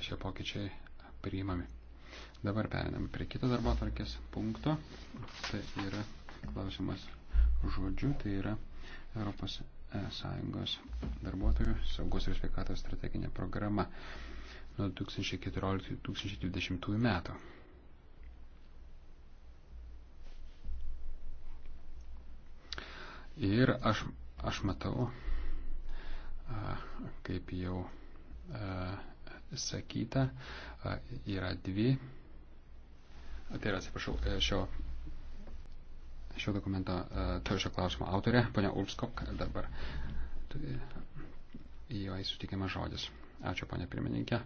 šie pokyčiai priimami. Dabar perinam prie kito darbo atvarkės punkto. Tai yra klausimas žodžiu, tai yra Europos e, Sąjungos darbuotojų saugos ir sveikatos strateginė programa nuo 2014-2020 metų. Ir aš, aš matau, kaip jau sakyta, yra dvi, tai yra, atsiprašau, e, šio, šio dokumento, e, to šio klausimo autorė, ponia Ulfskok, dabar e, joje sutikimas žodis. Ačiū, ponia pirmininkė.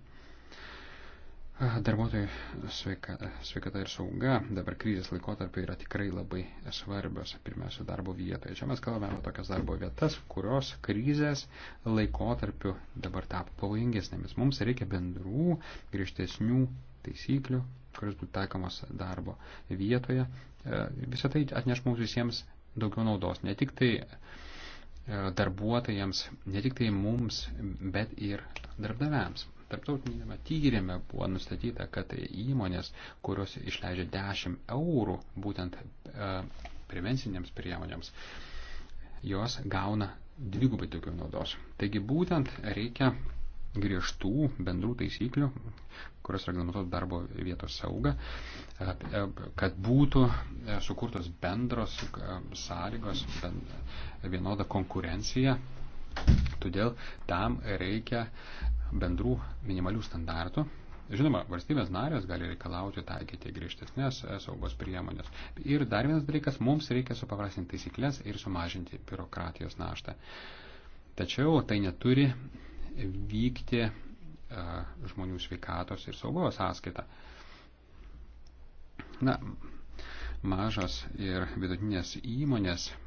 Darbuotojų sveikata, sveikata ir sauga dabar krizės laikotarpiu yra tikrai labai svarbios, pirmiausia, darbo vietoje. Čia mes kalbame apie tokias darbo vietas, kurios krizės laikotarpiu dabar tapo pavojingesnėmis. Mums reikia bendrų, griežtesnių taisyklių, kuris būtų taikomas darbo vietoje. E, Visą tai atneš mums visiems daugiau naudos, ne tik tai e, darbuotojams, ne tik tai mums, bet ir darbdaviams tarptautinėme tyrime buvo nustatyta, kad įmonės, kurios išleidžia 10 eurų būtent e, prevencinėms priemonėms, jos gauna dvigubai daugiau naudos. Taigi būtent reikia griežtų bendrų taisyklių, kurios reglamentuotų darbo vietos saugą, e, e, kad būtų sukurtos bendros sąlygos, vienoda konkurencija. Todėl tam reikia bendrų minimalių standartų. Žinoma, valstybės narės gali reikalauti taikyti griežtesnės saugos priemonės. Ir dar vienas dalykas, mums reikia supaprastinti taisyklės ir sumažinti biurokratijos naštą. Tačiau tai neturi vykti uh, žmonių sveikatos ir saugos sąskaita. Na, mažas ir vidutinės įmonės uh,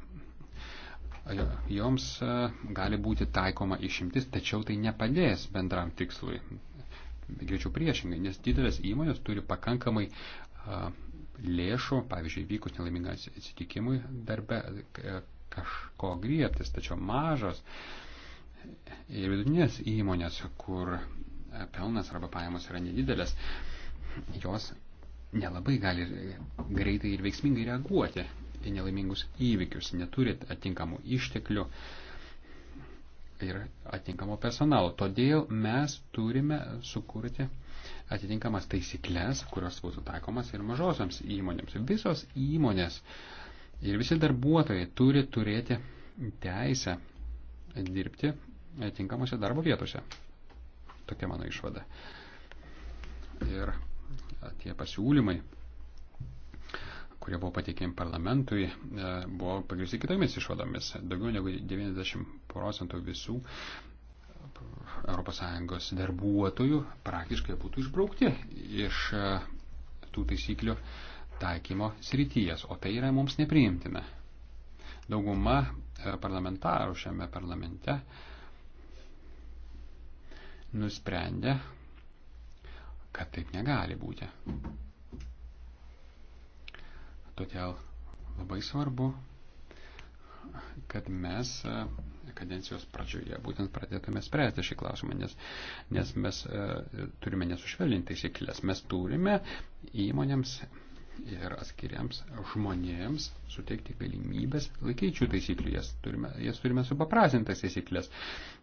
E, joms e, gali būti taikoma išimtis, tačiau tai nepadės bendram tikslui. Greičiau priešingai, nes didelės įmonės turi pakankamai e, lėšų, pavyzdžiui, vykus nelaimingas atsitikimui darbe kažko griebtis, tačiau mažos ir vidutinės įmonės, kur pelnas arba pajamos yra nedidelės, jos nelabai gali greitai ir veiksmingai reaguoti į nelaimingus įvykius, neturi atinkamų išteklių ir atinkamo personalo. Todėl mes turime sukurti atitinkamas taisyklės, kurios būtų taikomas ir mažosiams įmonėms. Visos įmonės ir visi darbuotojai turi turėti teisę dirbti atinkamose darbo vietose. Tokia mano išvada. Ir tie pasiūlymai kurie buvo pateikiami parlamentui, e, buvo pagrįsti kitomis išvadomis. Daugiau negu 90 procentų visų ES darbuotojų praktiškai būtų išbraukti iš e, tų taisyklių taikymo srities, o tai yra mums nepriimtina. Dauguma e, parlamentarų šiame parlamente nusprendė, kad taip negali būti. Todėl labai svarbu, kad mes e, kadencijos pradžioje būtent pradėtume spręsti šį klausimą, nes, nes mes e, turime nesušvelninti taisyklės, mes turime įmonėms ir atskiriams žmonėms suteikti galimybės laikyčių taisyklių. Jas turime, jas turime supaprasintas taisyklės.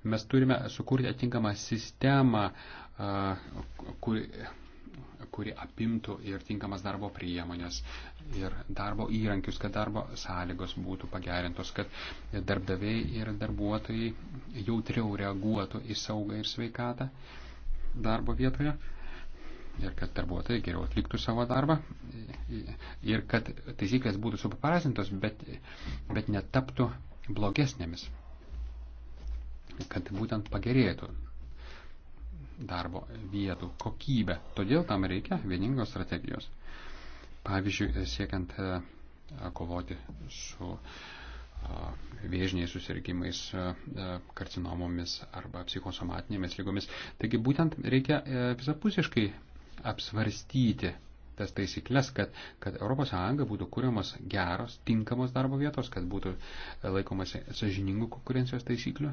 Mes turime sukurti atitinkamą sistemą, e, kuri kuri apimtų ir tinkamas darbo priemonės, ir darbo įrankius, kad darbo sąlygos būtų pagerintos, kad darbdaviai ir darbuotojai jautriau reaguotų į saugą ir sveikatą darbo vietoje. Ir kad darbuotojai geriau atliktų savo darbą. Ir kad taisyklės būtų supaprasintos, bet, bet netaptų blogesnėmis. Kad būtent pagerėtų darbo vietų kokybę. Todėl tam reikia vieningos strategijos. Pavyzdžiui, siekiant e, kovoti su e, vėžiniais susirgymais, e, karcinomomis arba psichosomatinėmis lygomis. Taigi būtent reikia visapusiškai apsvarstyti tas taisyklės, kad, kad ES būtų kūriamos geros, tinkamos darbo vietos, kad būtų laikomasi sažiningų konkurencijos taisyklių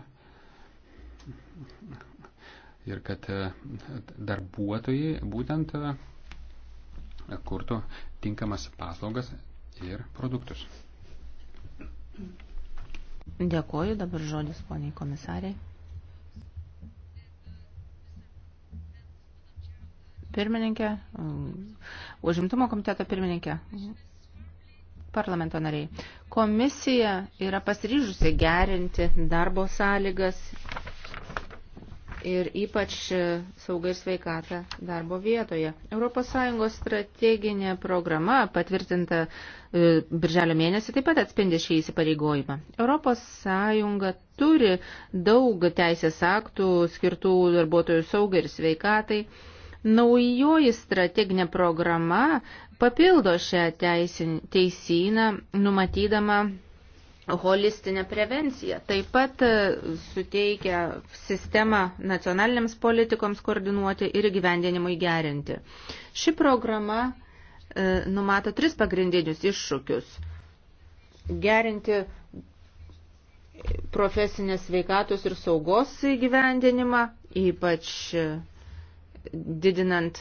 ir kad e, darbuotojai būtent e, kurtų tinkamas paslaugas ir produktus. Dėkuoju, dabar žodis poniai komisariai. Pirmininkė, mm, užimtumo komiteto pirmininkė, parlamento nariai. Komisija yra pasiryžusi gerinti darbo sąlygas ir ypač saugą ir sveikatą darbo vietoje. ES strateginė programa patvirtinta e, birželio mėnesį taip pat atspindi šį įsipareigojimą. ES turi daug teisės aktų skirtų darbuotojų saugai ir sveikatai. Naujoji strateginė programa papildo šią teisin, teisyną, numatydama holistinę prevenciją. Taip pat e, suteikia sistemą nacionaliniams politikoms koordinuoti ir gyvendinimui gerinti. Ši programa e, numato tris pagrindinius iššūkius. Gerinti profesinės veikatos ir saugos įgyvendinimą, ypač e, didinant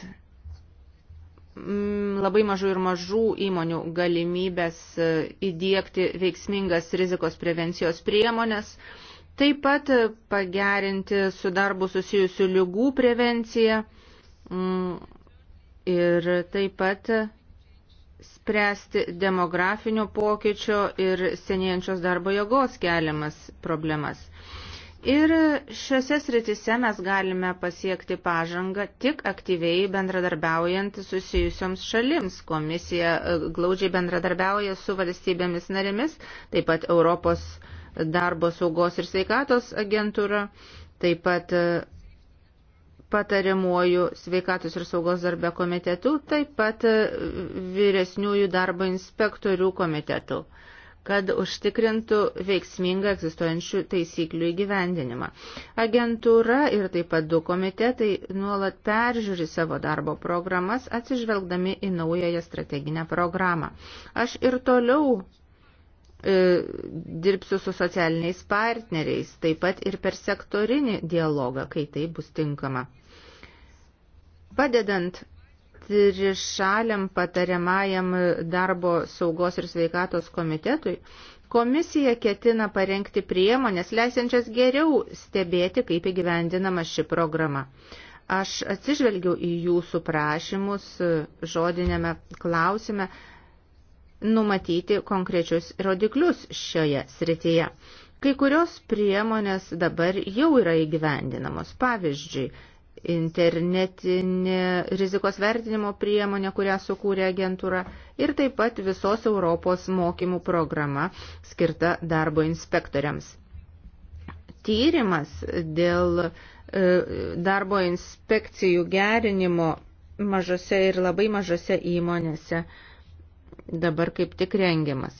Mm, labai mažų ir mažų įmonių galimybės e, įdėkti veiksmingas rizikos prevencijos priemonės, taip pat e, pagerinti su darbu susijusių lygų prevenciją mm, ir taip pat e, spręsti demografinio pokyčio ir senėjančios darbo jėgos keliamas problemas. Ir šiuose sritise mes galime pasiekti pažangą tik aktyviai bendradarbiaujant susijusioms šalims. Komisija e, glaudžiai bendradarbiauja su valstybėmis narėmis, taip pat Europos darbo saugos ir sveikatos agentūra, taip pat e, patariamuoju sveikatos ir saugos darbe komitetu, taip pat e, vyresniųjų darbo inspektorių komitetu kad užtikrintų veiksmingą egzistuojančių taisyklių įgyvendinimą. Agentūra ir taip pat du komitetai nuolat peržiūri savo darbo programas, atsižvelgdami į naująją strateginę programą. Aš ir toliau e, dirbsiu su socialiniais partneriais, taip pat ir per sektorinį dialogą, kai tai bus tinkama. Padedant trišaliam patariamajam darbo saugos ir sveikatos komitetui komisija ketina parengti priemonės, leisiančias geriau stebėti, kaip įgyvendinama ši programa. Aš atsižvelgiau į jūsų prašymus žodinėme klausime numatyti konkrečius rodiklius šioje srityje. Kai kurios priemonės dabar jau yra įgyvendinamos. Pavyzdžiui, internetinė rizikos vertinimo priemonė, kurią sukūrė agentūra ir taip pat visos Europos mokymų programa skirta darbo inspektoriams. Tyrimas dėl e, darbo inspekcijų gerinimo mažose ir labai mažose įmonėse dabar kaip tik rengiamas.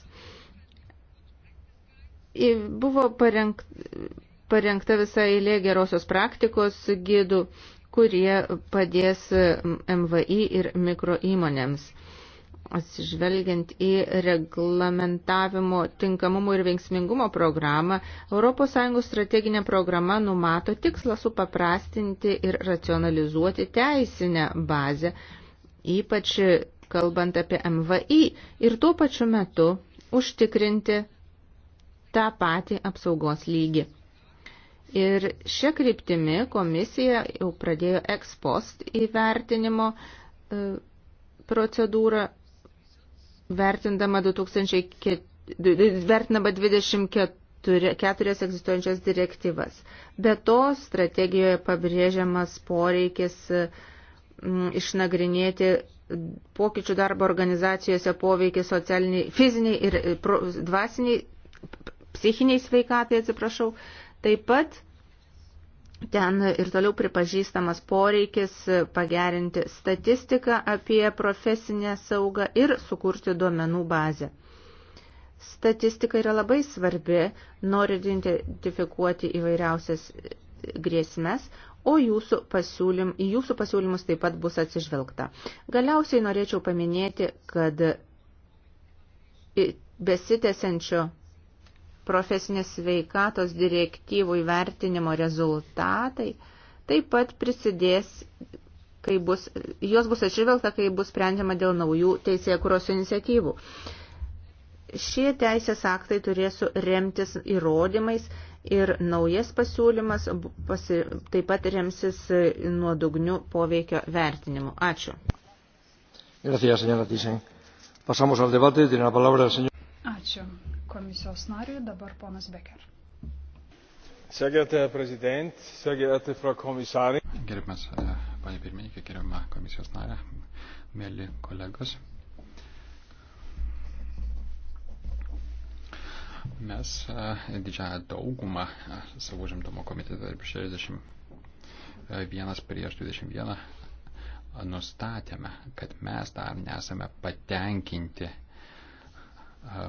Buvo parengt, parengta visa eilė gerosios praktikos gidų, kurie padės MVI ir mikro įmonėms. Atsižvelgiant į reglamentavimo tinkamumo ir veiksmingumo programą, ES strateginė programa numato tikslą supaprastinti ir racionalizuoti teisinę bazę, ypač kalbant apie MVI ir tuo pačiu metu užtikrinti tą patį apsaugos lygį. Ir šia kryptimi komisija jau pradėjo ekspost įvertinimo e, procedūrą, vertindama 2004, vertinama 24 turi keturias egzistuojančias direktyvas. Be to, strategijoje pabrėžiamas poreikis e, m, išnagrinėti pokyčių darbo organizacijose poveikį socialiniai, fiziniai ir e, pro, dvasiniai, psichiniai sveikatai, atsiprašau, Taip pat ten ir toliau pripažįstamas poreikis pagerinti statistiką apie profesinę saugą ir sukurti duomenų bazę. Statistika yra labai svarbi, norint identifikuoti įvairiausias grėsmes, o jūsų pasiūlym, į jūsų pasiūlymus taip pat bus atsižvelgta. Galiausiai norėčiau paminėti, kad besitėsiančio profesinės sveikatos direktyvų įvertinimo rezultatai taip pat prisidės, kai bus, jos bus atsižvelgta, kai bus sprendžiama dėl naujų teisėkuros iniciatyvų. Šie teisės aktai turės remtis įrodymais ir naujas pasiūlymas pasi, taip pat remsis nuodugnių poveikio vertinimu. Ačiū. Gracias, señora Thyssen. Pasamos al debate. Tiene la palabra el señor. Ačiū komisijos nariui, dabar ponas Becker. Gerbiamas e, panė pirmininkė, gerbiama komisijos narė, mėly kolegos. Mes e, didžiąją daugumą e, savo žimtumo komitetą tarp 61 prieš 21 nustatėme, kad mes dar nesame patenkinti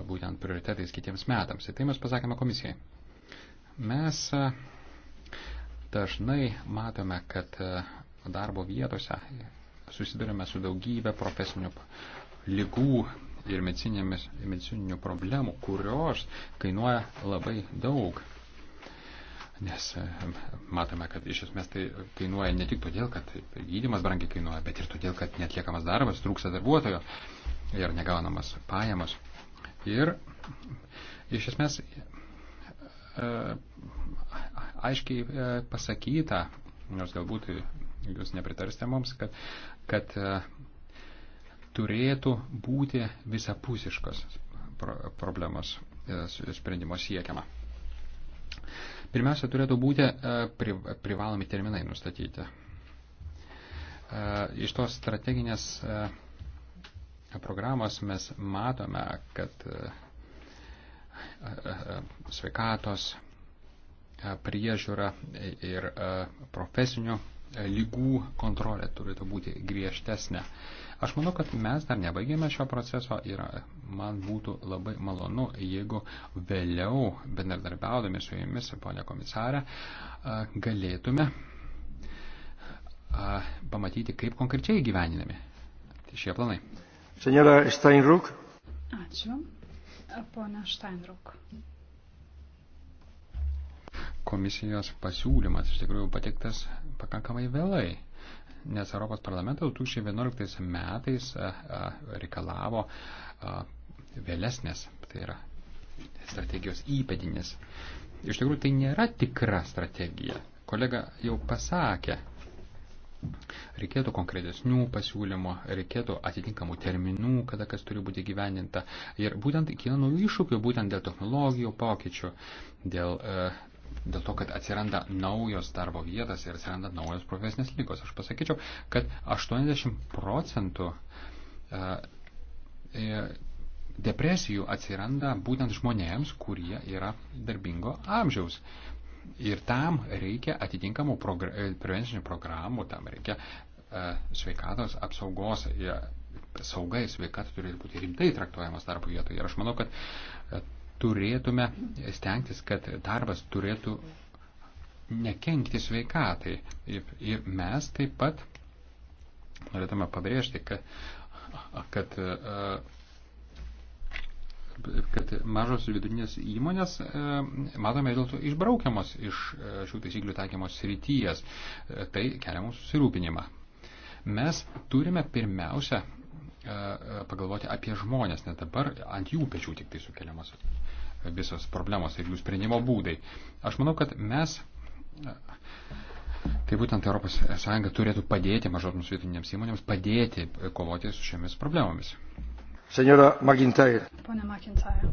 būtent prioritetais kitiems metams. Ir tai mes pasakėme komisijai. Mes dažnai matome, kad darbo vietose susidurime su daugybė profesinių lygų ir medicininių problemų, kurios kainuoja labai daug. Nes matome, kad iš esmės tai kainuoja ne tik todėl, kad gydimas brangiai kainuoja, bet ir todėl, kad netliekamas darbas, trūksta darbuotojo ir negaunamas pajamos. Ir iš esmės e, aiškiai e, pasakyta, nors galbūt jūs nepritarsite mums, kad, kad e, turėtų būti visapusiškos problemos sprendimo siekiama. Pirmiausia, turėtų būti privalomi terminai nustatyti. Iš tos strateginės programos mes matome, kad e, e, e, sveikatos priežiūra ir profesinių lygų kontrolė turėtų būti griežtesnė. Aš manau, kad mes dar nebaigėme šio proceso ir man būtų labai malonu, jeigu vėliau, bendradarbiaudami su jumis, ponia komisarė, galėtume pamatyti, kaip konkrečiai gyveninami šie planai. Senjora Steinruk. Ačiū. Pone Steinruk. Komisijos pasiūlymas iš tikrųjų patiktas pakankamai vėlai, nes Europos parlamentas 2011 metais reikalavo vėlesnės, tai yra strategijos įpėdinis. Iš tikrųjų tai nėra tikra strategija. Kolega jau pasakė, Reikėtų konkretesnių pasiūlymų, reikėtų atitinkamų terminų, kada kas turi būti gyveninta. Ir būtent kyla naujų iššūkių, būtent dėl technologijų pokyčių, dėl, e, dėl to, kad atsiranda naujos darbo vietos ir atsiranda naujos profesinės lygos. Aš pasakyčiau, kad 80 procentų e, e, depresijų atsiranda būtent žmonėms, kurie yra darbingo amžiaus. Ir tam reikia atitinkamų progr e, prevencinių programų, tam reikia uh, sveikatos apsaugos. Ja, saugai sveikata turi būti rimtai traktuojamas darbo vietoje. Ir aš manau, kad uh, turėtume stengtis, kad darbas turėtų nekenkti sveikatai. Ir, ir mes taip pat norėtume pabrėžti, kad, kad uh, kad mažos ir vidurinės įmonės, e, matome, dėl to išbraukiamos iš e, šių taisyklių taikymos srityjas. E, tai kelia mūsų susirūpinimą. Mes turime pirmiausia pagalvoti apie žmonės, nes dabar ant jų pečių tik tai sukeliamos visos problemos ir jų sprendimo būdai. Aš manau, kad mes Tai būtent ES turėtų padėti mažoms vietinėms įmonėms padėti kovoti su šiomis problemomis. Senora McIntyre. Pone McIntyre.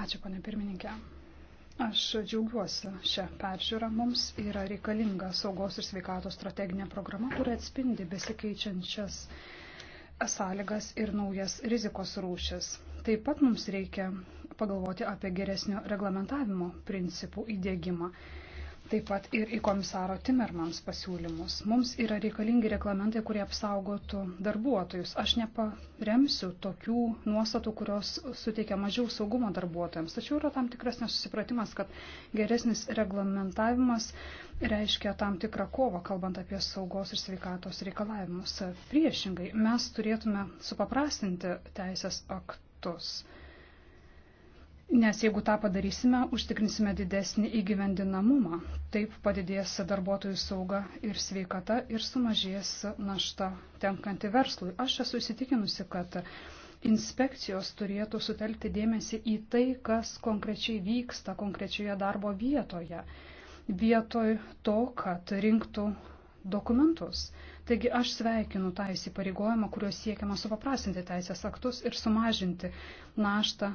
Ačiū, pane pirmininkė. Aš džiaugiuosi šią peržiūrą. Mums yra reikalinga saugos ir sveikatos strateginė programa, kuri atspindi besikeičiančias sąlygas ir naujas rizikos rūšis. Taip pat mums reikia pagalvoti apie geresnio reglamentavimo principų įdėgymą taip pat ir į komisaro Timermans pasiūlymus. Mums yra reikalingi reglamentai, kurie apsaugotų darbuotojus. Aš neparemsiu tokių nuostatų, kurios suteikia mažiau saugumo darbuotojams. Tačiau yra tam tikras nesusipratimas, kad geresnis reglamentavimas reiškia tam tikrą kovą, kalbant apie saugos ir sveikatos reikalavimus. Priešingai, mes turėtume supaprastinti teisės aktus Nes jeigu tą padarysime, užtikrinsime didesnį įgyvendinamumą. Taip padidės darbuotojų sauga ir sveikata ir sumažės našta tenkanti verslui. Aš esu įsitikinusi, kad inspekcijos turėtų sutelkti dėmesį į tai, kas konkrečiai vyksta konkrečioje darbo vietoje, vietoj to, kad rinktų dokumentus. Taigi aš sveikinu tą įsipareigojimą, kuriuo siekiama supaprastinti teisės aktus ir sumažinti naštą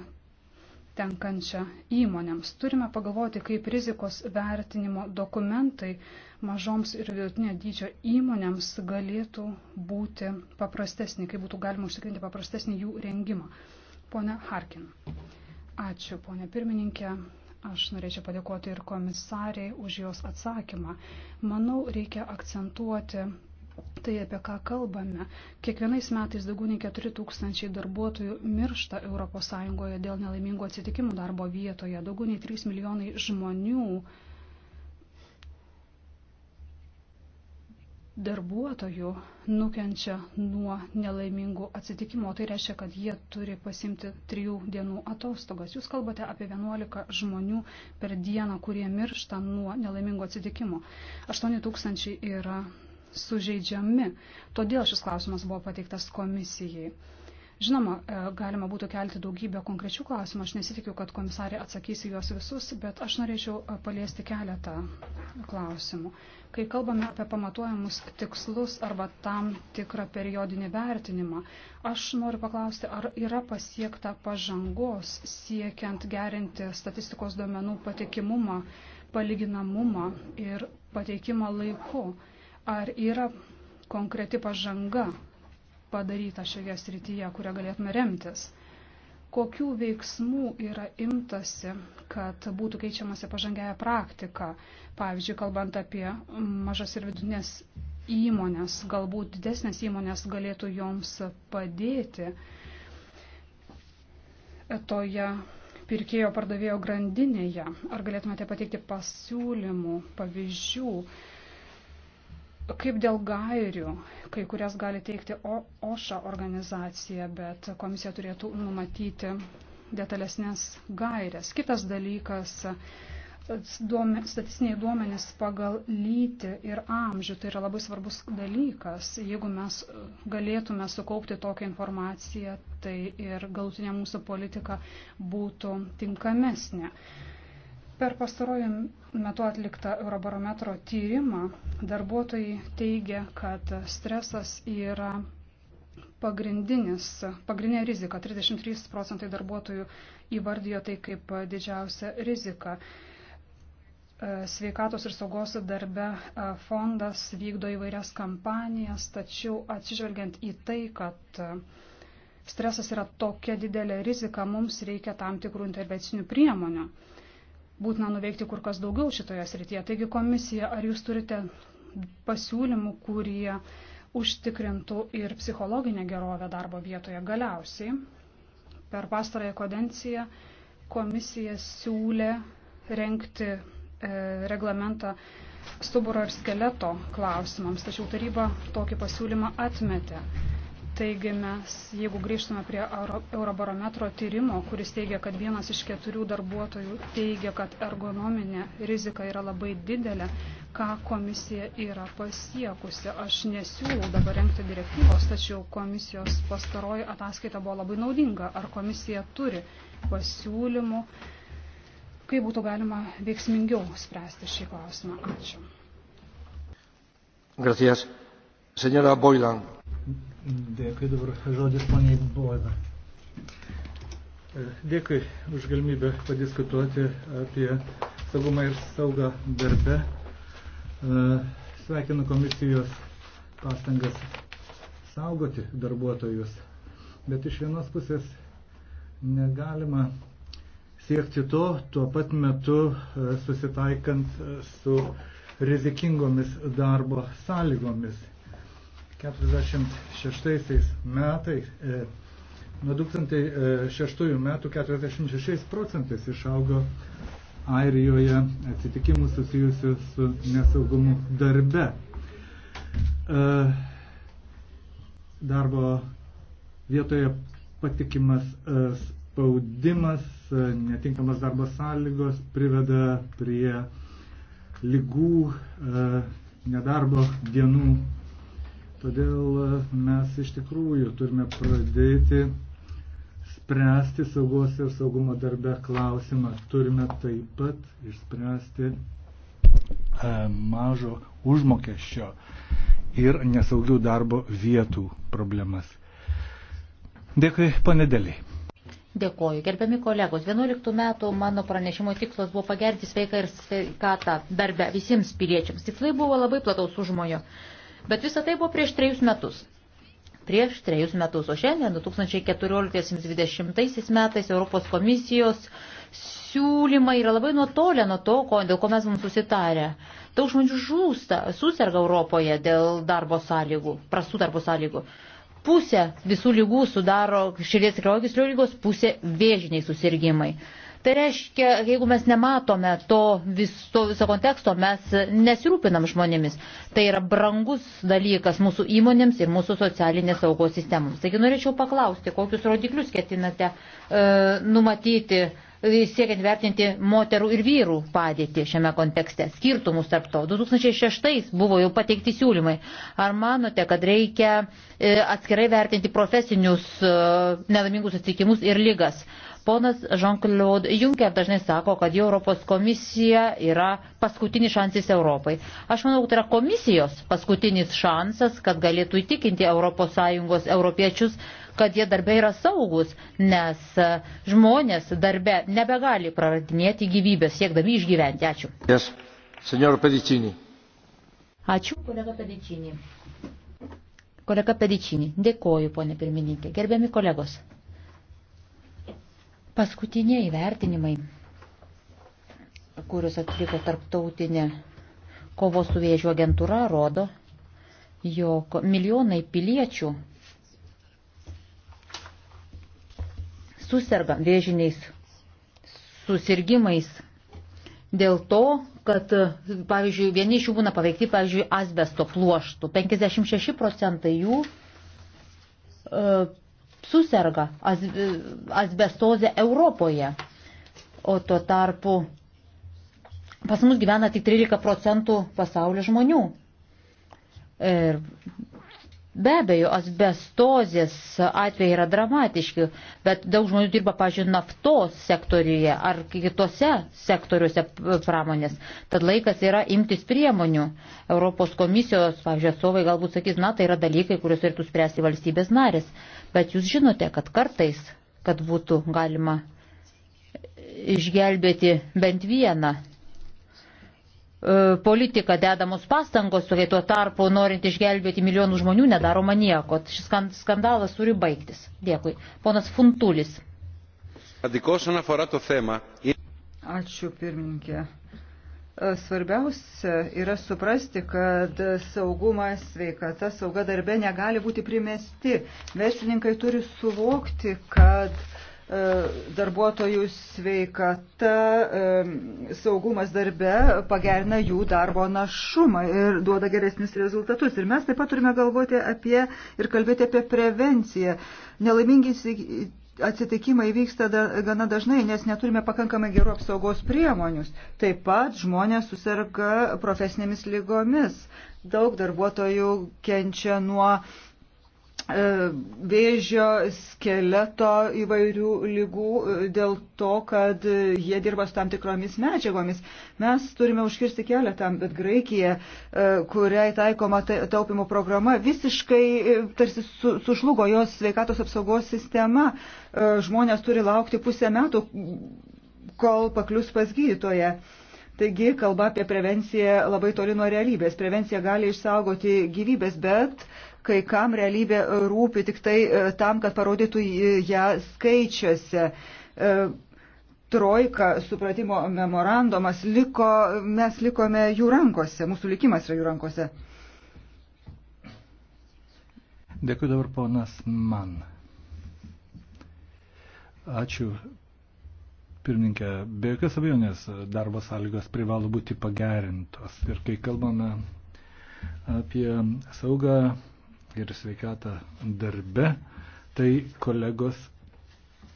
tenkančią įmonėms. Turime pagalvoti, kaip rizikos vertinimo dokumentai mažoms ir vidutinio dydžio įmonėms galėtų būti paprastesni, kaip būtų galima užtikrinti paprastesnį jų rengimą. Pone Harkin. Ačiū, ponė pirmininkė. Aš norėčiau padėkoti ir komisariai už jos atsakymą. Manau, reikia akcentuoti Tai apie ką kalbame. Kiekvienais metais daugiau nei 4 tūkstančiai darbuotojų miršta ES dėl nelaimingų atsitikimų darbo vietoje. Daugiau nei 3 milijonai žmonių darbuotojų nukenčia nuo nelaimingų atsitikimų. Tai reiškia, kad jie turi pasimti trijų dienų atostogas. Jūs kalbate apie 11 žmonių per dieną, kurie miršta nuo nelaimingų atsitikimų. 8 tūkstančiai yra sužeidžiami. Todėl šis klausimas buvo pateiktas komisijai. Žinoma, e, galima būtų kelti daugybę konkrečių klausimų, aš nesitikiu, kad komisarė atsakysi juos visus, bet aš norėčiau e, paliesti keletą klausimų. Kai kalbame apie pamatuojamus tikslus arba tam tikrą periodinį vertinimą, aš noriu paklausti, ar yra pasiekta pažangos siekiant gerinti statistikos duomenų patikimumą, palyginamumą ir pateikimą laiku. Ar yra konkreti pažanga padaryta šioje srityje, kurią galėtume remtis? Kokių veiksmų yra imtasi, kad būtų keičiamasi pažangiaja praktika? Pavyzdžiui, kalbant apie mažas ir vidutinės įmonės, galbūt didesnės įmonės galėtų joms padėti toje pirkėjo pardavėjo grandinėje. Ar galėtumėte pateikti pasiūlymų, pavyzdžių? Kaip dėl gairių, kai kurias gali teikti OŠA organizacija, bet komisija turėtų numatyti detalesnės gairias. Kitas dalykas statistiniai duomenys pagal lytį ir amžių. Tai yra labai svarbus dalykas. Jeigu mes galėtume sukaupti tokią informaciją, tai ir galutinė mūsų politika būtų tinkamesnė. Per pastarojų metu atliktą Eurobarometro tyrimą darbuotojai teigia, kad stresas yra pagrindinis, pagrindinė rizika. 33 procentai darbuotojų įvardijo tai kaip didžiausia rizika. Sveikatos ir saugos darbe fondas vykdo įvairias kampanijas, tačiau atsižvelgiant į tai, kad stresas yra tokia didelė rizika, mums reikia tam tikrų intervencinių priemonių būtina nuveikti kur kas daugiau šitoje srityje. Taigi komisija, ar jūs turite pasiūlymų, kurie užtikrintų ir psichologinę gerovę darbo vietoje galiausiai? Per pastarąją kadenciją komisija siūlė renkti e, reglamentą stuburo ir skeleto klausimams, tačiau taryba tokį pasiūlymą atmetė. Taigi mes, jeigu grįžtume prie Eurobarometro tyrimo, kuris teigia, kad vienas iš keturių darbuotojų teigia, kad ergonominė rizika yra labai didelė, ką komisija yra pasiekusi. Aš nesiūlau dabar renkti direktyvos, tačiau komisijos pastaroji ataskaita buvo labai naudinga. Ar komisija turi pasiūlymų, kaip būtų galima veiksmingiau spręsti šį klausimą? Ačiū. Gracias. Señora Boylan. Dėkui dabar žodis poniai Boiva. Dėkui už galimybę padiskutuoti apie saugumą ir saugą darbę. E, sveikinu komisijos pastangas saugoti darbuotojus, bet iš vienos pusės negalima siekti to tuo pat metu e, susitaikant e, su rizikingomis darbo sąlygomis. 46 metais, e, nuo 2006 metų 46 procentais išaugo Airijoje atsitikimų susijusių su nesaugumu darbe. E, darbo vietoje patikimas e, spaudimas, e, netinkamas darbo sąlygos priveda prie lygų, e, nedarbo dienų Todėl e, mes iš tikrųjų turime pradėti spręsti saugos ir saugumo darbe klausimą. Turime taip pat išspręsti e, mažo užmokesčio ir nesaugių darbo vietų problemas. Dėkui, panedėliai. Dėkoju, gerbiami kolegos. 11 metų mano pranešimo tikslas buvo pagerinti sveiką ir sveikatą darbę visiems piliečiams. Tikslai buvo labai plataus užmojo. Bet visa tai buvo prieš trejus metus. Prieš trejus metus, o šiandien 2014-2020 metais Europos komisijos siūlymai yra labai nuotolę nuo to, ko, dėl ko mes mums susitarę. Daug žmonių žūsta, susirga Europoje dėl darbo sąlygų, prastų darbo sąlygų. Pusė visų lygų sudaro širdies ir kraujagyslių lygos, pusė vėžiniai susirgymai. Uh, Tai reiškia, jeigu mes nematome to viso, viso konteksto, mes nesirūpinam žmonėmis. Tai yra brangus dalykas mūsų įmonėms ir mūsų socialinės saugos sistemoms. Taigi norėčiau paklausti, kokius rodiklius ketinate e, numatyti e, siekiant vertinti moterų ir vyrų padėtį šiame kontekste, skirtumus tarp to. 2006 buvo jau pateikti siūlymai. Ar manote, kad reikia e, atskirai vertinti profesinius e, nelamingus atsitikimus ir lygas? Ponas Jean-Claude Juncker dažnai sako, kad Europos komisija yra paskutinis šansis Europai. Aš manau, tai yra komisijos paskutinis šansas, kad galėtų įtikinti ES europiečius, kad jie darbė yra saugus, nes e, žmonės darbė nebegali praradinėti gyvybės, siekdami išgyventi. Ačiū. Yes. Ačiū, kolega Pedičinį. Kolega Pedičinį, dėkoju, ponė pirmininkė. Gerbiami kolegos. Paskutiniai vertinimai, kuriuos atliko tarptautinė kovos su vėžiu agentūra, rodo, jog milijonai piliečių susirga vėžiniais susirgymais dėl to, kad, pavyzdžiui, vieni iš jų būna paveikti, pavyzdžiui, asbesto pluoštų. 56 procentai jų e, suserga asbestozę Europoje, o tuo tarpu pas mus gyvena tik 13 procentų pasaulio žmonių. Ir Be abejo, asbestozės atvejai yra dramatiški, bet daug žmonių dirba, pažiūrėjau, naftos sektoriuje ar kitose sektoriuose pramonės. Tad laikas yra imtis priemonių. Europos komisijos, pavyzdžiui, atstovai galbūt sakys, na, tai yra dalykai, kuriuos turėtų spręsti valstybės narės. Bet jūs žinote, kad kartais, kad būtų galima išgelbėti bent vieną E, politika dedamos pastangos, kai tuo tarpu, norint išgelbėti milijonų žmonių, nedaroma nieko. Tai šis skandalas turi baigtis. Dėkui. Ponas Funtulis. Ačiū pirmininkė. E, svarbiausia yra suprasti, kad saugumas, sveikata, sauga darbe negali būti primesti. Verslininkai turi suvokti, kad uh, darbuotojų sveikata, saugumas darbe pagerina jų darbo našumą ir duoda geresnius rezultatus. Ir mes taip pat turime galvoti apie ir kalbėti apie prevenciją. Nelaimingi atsitikimai vyksta da, gana dažnai, nes neturime pakankamai gerų apsaugos priemonius. Taip pat žmonės susirga profesinėmis lygomis. Daug darbuotojų kenčia nuo uh, E, vėžio, skeleto įvairių lygų e, dėl to, kad e, jie dirba su tam tikromis medžiagomis. Mes turime užkirsti kelią tam, bet Graikija, kuriai taikoma taupimo programa, visiškai tarsi sužlugo jos sveikatos apsaugos sistema. Žmonės turi laukti pusę metų, kol paklius pas gydytoje. Taigi kalba apie prevenciją labai toli nuo realybės. Prevencija gali išsaugoti gyvybės, bet uh, kai kam realybė rūpi tik tai e, tam, kad parodytų ją skaičiuose. E, Trojka supratimo memorandumas liko, mes likome jų rankose, mūsų likimas yra jų rankose. Dėkui dabar ponas man. Ačiū pirmininkė, be jokios abejonės darbo sąlygos privalo būti pagerintos. Ir kai kalbame apie saugą ir sveikatą darbe, tai kolegos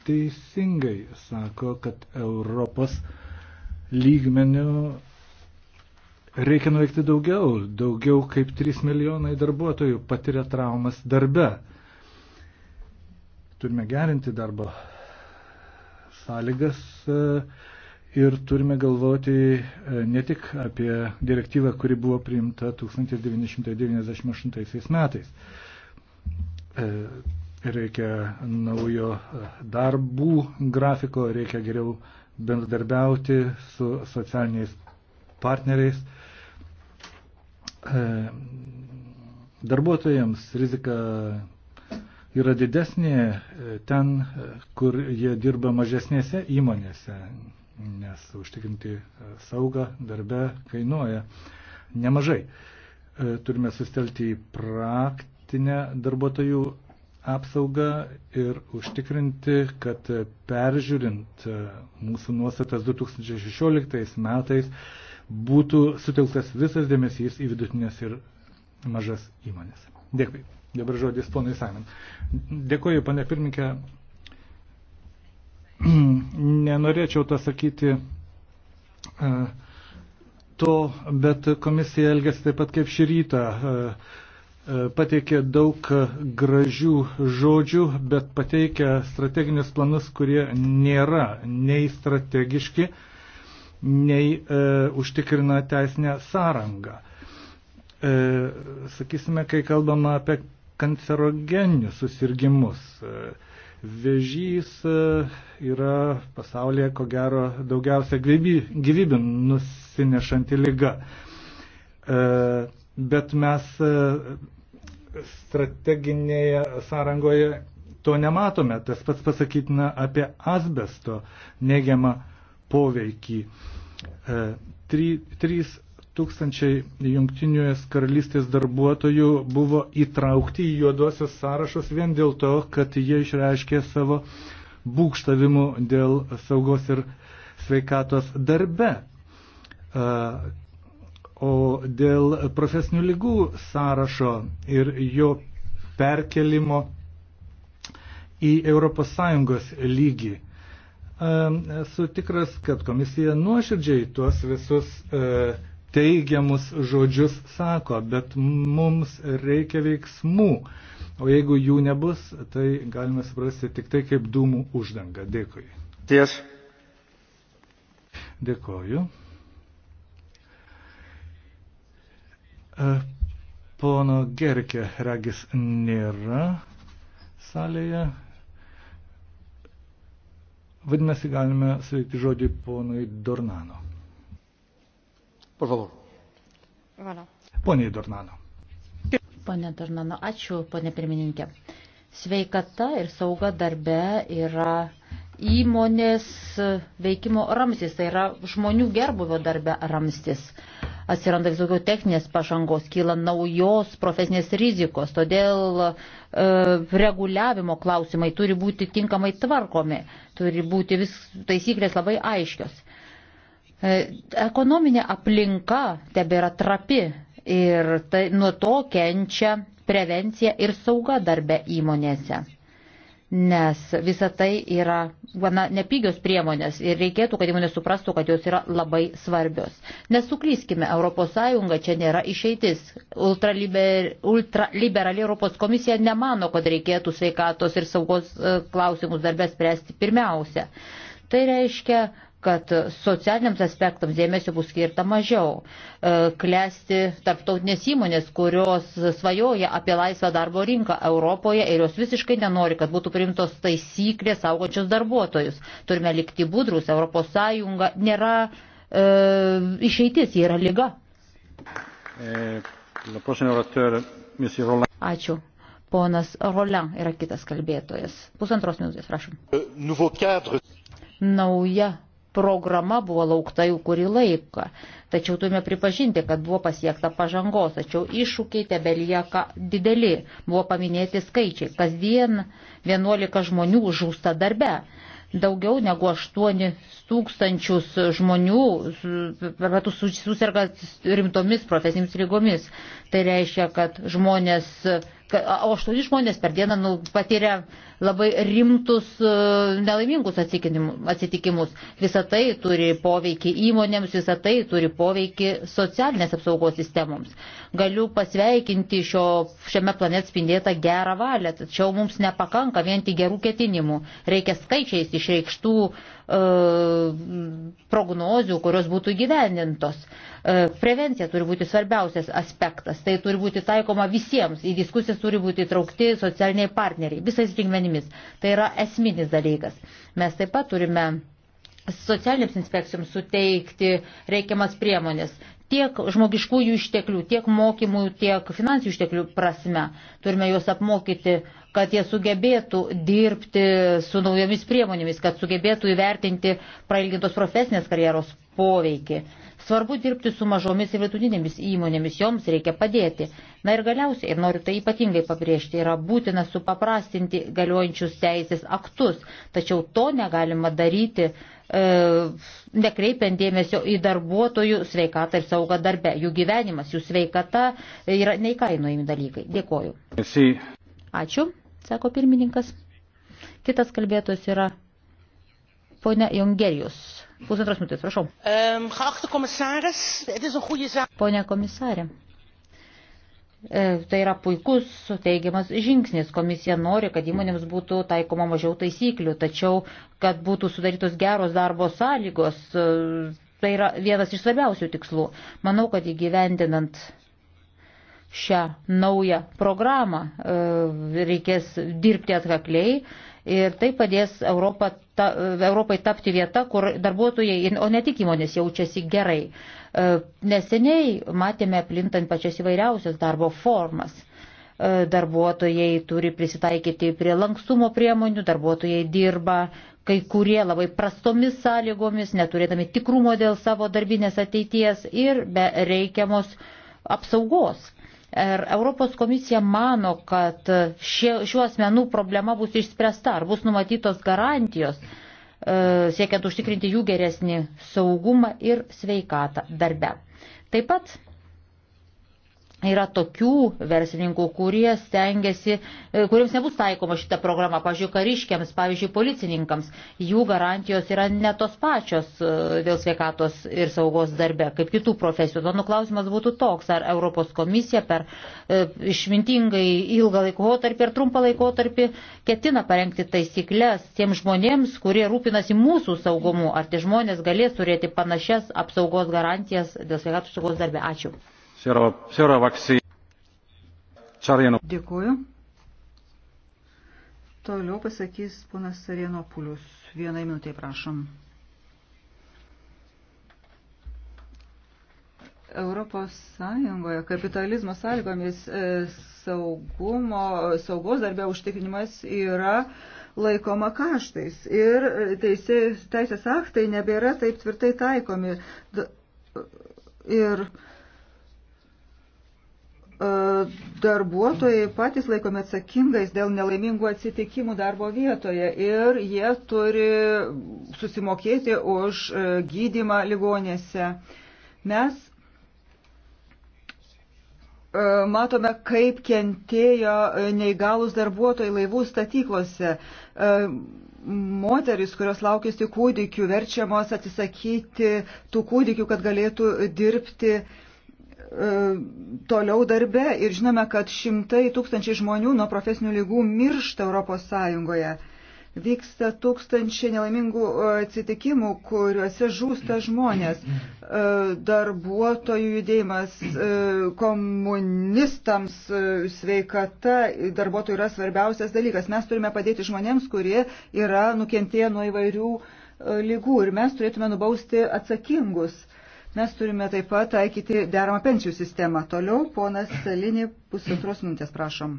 teisingai sako, kad Europos lygmenių reikia nuveikti daugiau. Daugiau kaip 3 milijonai darbuotojų patiria traumas darbe. Turime gerinti darbo sąlygas. Uh, ir turime galvoti e, ne tik apie direktyvą, kuri buvo priimta 1998 metais. E, reikia naujo e, darbų grafiko, reikia geriau bendradarbiauti su socialiniais partneriais. Darbuotojams rizika yra didesnė ten, kur jie dirba mažesnėse įmonėse, nes užtikrinti e, saugą darbe kainuoja nemažai. E, turime sustelti į praktinę darbuotojų apsaugą ir užtikrinti, kad peržiūrint e, mūsų nuostatas 2016 metais būtų sutiltas visas dėmesys į vidutinės ir mažas įmonės. Dėkui. Dabar žodis ponui Simon. Dėkuoju, pane pirmininkė, Nenorėčiau tą sakyti e, to, bet komisija elgėsi taip pat kaip šį rytą. E, e, pateikė daug gražių žodžių, bet pateikė strateginius planus, kurie nėra nei strategiški, nei e, užtikrina teisinę sąrangą. E, sakysime, kai kalbama apie kancerogenius susirgymus. E, Vežys e, yra pasaulyje, ko gero, daugiausia gyvybių nusinešanti lyga. E, bet mes e, strateginėje sąrangoje to nematome. Tas pats pasakytina apie asbesto neigiamą poveikį. Try, trys tūkstančiai jungtinės karalystės darbuotojų buvo įtraukti į juodosios sąrašus vien dėl to, kad jie išreiškė savo būkštavimų dėl saugos ir sveikatos darbe. O dėl profesinių lygų sąrašo ir jo perkelimo į ES lygį esu tikras, kad komisija nuoširdžiai tuos visus e, teigiamus žodžius sako, bet mums reikia veiksmų. O jeigu jų nebus, tai galime suprasti tik tai kaip dūmų uždanga. Dėkui. Ties. Dėkoju. E, pono Gerke regis nėra salėje. Vadinasi, galime suveikti žodį ponui Dornano. Pone Dornano. Pone Dornano, ačiū, pone pirmininkė. Sveikata ir sauga darbe yra įmonės veikimo ramstis, tai yra žmonių gerbuvio darbe ramstis. Atsiranda vis daugiau techninės pažangos, kyla naujos profesinės rizikos, todėl e, reguliavimo klausimai turi būti tinkamai tvarkomi, turi būti vis taisyklės labai aiškios. E, ekonominė aplinka tebėra trapi ir tai, nuo to kenčia prevencija ir sauga darbe įmonėse. Nes visa tai yra gana nepigios priemonės ir reikėtų, kad įmonės suprastų, kad jos yra labai svarbios. Nesuklyskime, ES čia nėra išeitis. Ultraliber, ultraliberali Europos komisija nemano, kad reikėtų sveikatos ir saugos e, klausimus darbę spręsti pirmiausia. Tai reiškia, kad socialiniams aspektams dėmesio bus skirta mažiau. E, klesti tarptautinės įmonės, kurios svajoja apie laisvą darbo rinką Europoje ir jos visiškai nenori, kad būtų priimtos taisyklės saugočios darbuotojus. Turime likti budrus, ES nėra e, išeitis, ji yra lyga. E, Ačiū. Ponas Roland yra kitas kalbėtojas. Pusantros minutės, prašom. Nauja programa buvo laukta jau kurį laiką. Tačiau turime pripažinti, kad buvo pasiekta pažangos, tačiau iššūkiai tebelieka dideli. Buvo paminėti skaičiai. Kasdien 11 žmonių žūsta darbe. Daugiau negu 8 tūkstančius žmonių per metus susirga rimtomis profesinėmis lygomis. Tai reiškia, kad žmonės o aštuoni žmonės per dieną nu, patiria labai rimtus e, nelaimingus atsitikimus. Visą tai turi poveikį įmonėms, visą tai turi poveikį socialinės apsaugos sistemoms. Galiu pasveikinti šio, šiame planet spindėtą gerą valią, tačiau mums nepakanka vien tik gerų ketinimų. Reikia skaičiais išreikštų uh, E, prognozių, kurios būtų gyvenintos. E, prevencija turi būti svarbiausias aspektas, tai turi būti taikoma visiems, į diskusijas turi būti įtraukti socialiniai partneriai, visais lygmenimis. Tai yra esminis dalykas. Mes taip pat turime socialinėms inspekcijoms suteikti reikiamas priemonės tiek žmogiškųjų išteklių, tiek mokymų, tiek finansinių išteklių prasme. Turime juos apmokyti, kad jie sugebėtų dirbti su naujomis priemonėmis, kad sugebėtų įvertinti prailgintos profesinės karjeros poveikį. Svarbu dirbti su mažomis ir vidutinėmis įmonėmis, joms reikia padėti. Na ir galiausiai, ir noriu tai ypatingai pabrėžti, yra būtina supaprastinti galiojančius teisės aktus, tačiau to negalima daryti E, nekreipiant dėmesio į darbuotojų sveikatą ir saugą darbę. Jų gyvenimas, jų sveikata yra neįkainojami dalykai. Dėkoju. Esi. Ačiū, sako pirmininkas. Kitas kalbėtojas yra ponia Jongerijus. Pusantros minutės, prašau. Um, Pone komisarė, E, tai yra puikus suteigiamas žingsnis. Komisija nori, kad įmonėms būtų taikoma mažiau taisyklių, tačiau kad būtų sudarytos geros darbo sąlygos, e, tai yra vienas iš svarbiausių tikslų. Manau, kad įgyvendinant šią naują programą e, reikės dirbti atkakliai ir tai padės Europą, ta, Europai tapti vieta, kur darbuotojai, o ne tik įmonės jaučiasi gerai. E, neseniai matėme plintant pačias įvairiausias darbo formas. E, darbuotojai turi prisitaikyti prie lankstumo priemonių, darbuotojai dirba kai kurie labai prastomis sąlygomis, neturėdami tikrumo dėl savo darbinės ateities ir be reikiamos apsaugos. Ir Europos komisija mano, kad šie, šiuo asmenų problema bus išspręsta, ar bus numatytos garantijos E, siekiant užtikrinti jų geresnį saugumą ir sveikatą darbe. Taip pat Yra tokių verslininkų, kurie stengiasi, e, kuriems nebus taikoma šita programa, pavyzdžiui, kariškiams, pavyzdžiui, policininkams. Jų garantijos yra netos pačios e, dėl sveikatos ir saugos darbe, kaip kitų profesijų. Mano klausimas būtų toks, ar Europos komisija per e, išmintingai ilgą laikotarpį ir trumpą laikotarpį ketina parengti taisyklės tiem žmonėms, kurie rūpinasi mūsų saugumu, ar tie žmonės galės turėti panašias apsaugos garantijas dėl sveikatos saugos darbe. Ačiū. Seuraavaksi Čarjano. Dėkuoju. Toliau pasakys ponas Sarienopulius. Vienai minutė, prašom. Europos Sąjungoje kapitalizmo sąlygomis e, saugumo, saugos darbė užtikrinimas yra laikoma kaštais ir e, teisės, teisės aktai nebėra taip tvirtai taikomi. Ir E, darbuotojai patys laikomi atsakingais dėl nelaimingų atsitikimų darbo vietoje ir jie turi susimokėti už e, gydimą ligonėse. Mes e, matome, kaip kentėjo neįgalus darbuotojai laivų statyklose. Moteris, kurios laukėsi kūdikių, verčiamos atsisakyti tų kūdikių, kad galėtų dirbti uh, E, toliau darbe ir žinome, kad šimtai tūkstančiai žmonių nuo profesinių lygų miršta Europos Sąjungoje. Vyksta tūkstančiai nelaimingų e, atsitikimų, kuriuose žūsta žmonės. E, darbuotojų judėjimas komunistams sveikata darbuotojų yra svarbiausias dalykas. Mes turime padėti žmonėms, kurie yra nukentėję nuo įvairių lygų ir mes turėtume nubausti atsakingus. Mes turime taip pat taikyti deramą pensijų sistemą. Toliau, ponas Salinė, pusantros minutės, prašom.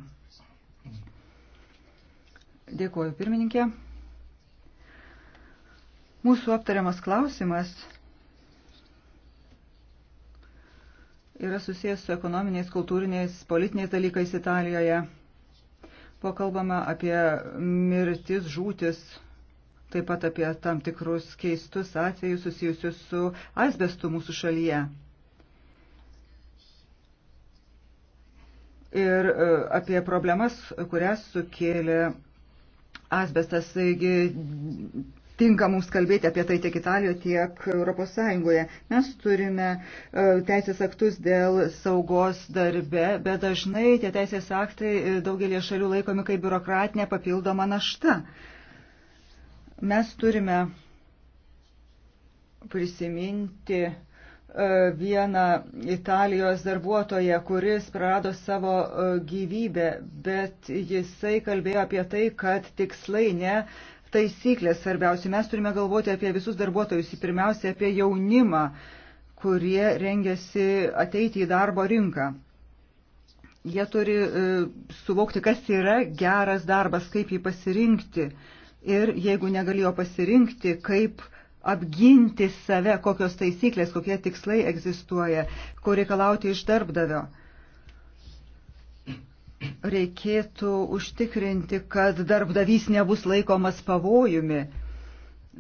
Dėkuoju, pirmininkė. Mūsų aptariamas klausimas yra susijęs su ekonominiais, kultūriniais, politiniais dalykais Italijoje. Buvo kalbama apie mirtis, žūtis, taip pat apie tam tikrus keistus atvejus susijusius su asbestu mūsų šalyje. Ir e, apie problemas, kurias sukėlė asbestas. Taigi, tinka mums kalbėti apie tai tiek Italijoje, tiek Europos Sąjungoje. Mes turime e, teisės aktus dėl saugos darbe, bet dažnai tie teisės aktai e, daugelie šalių laikomi kaip biurokratinė papildoma našta. Uh, Mes turime prisiminti e, vieną Italijos darbuotoją, kuris prarado savo e, gyvybę, bet jisai kalbėjo apie tai, kad tikslai ne taisyklės svarbiausia. Mes turime galvoti apie visus darbuotojus, pirmiausia apie jaunimą, kurie rengiasi ateiti į darbo rinką. Jie turi e, suvokti, kas yra geras darbas, kaip jį pasirinkti. Uh, ir jeigu negalėjo pasirinkti, kaip apginti save, kokios taisyklės, kokie tikslai egzistuoja, ko reikalauti iš darbdavio. Reikėtų užtikrinti, kad darbdavys nebus laikomas pavojumi.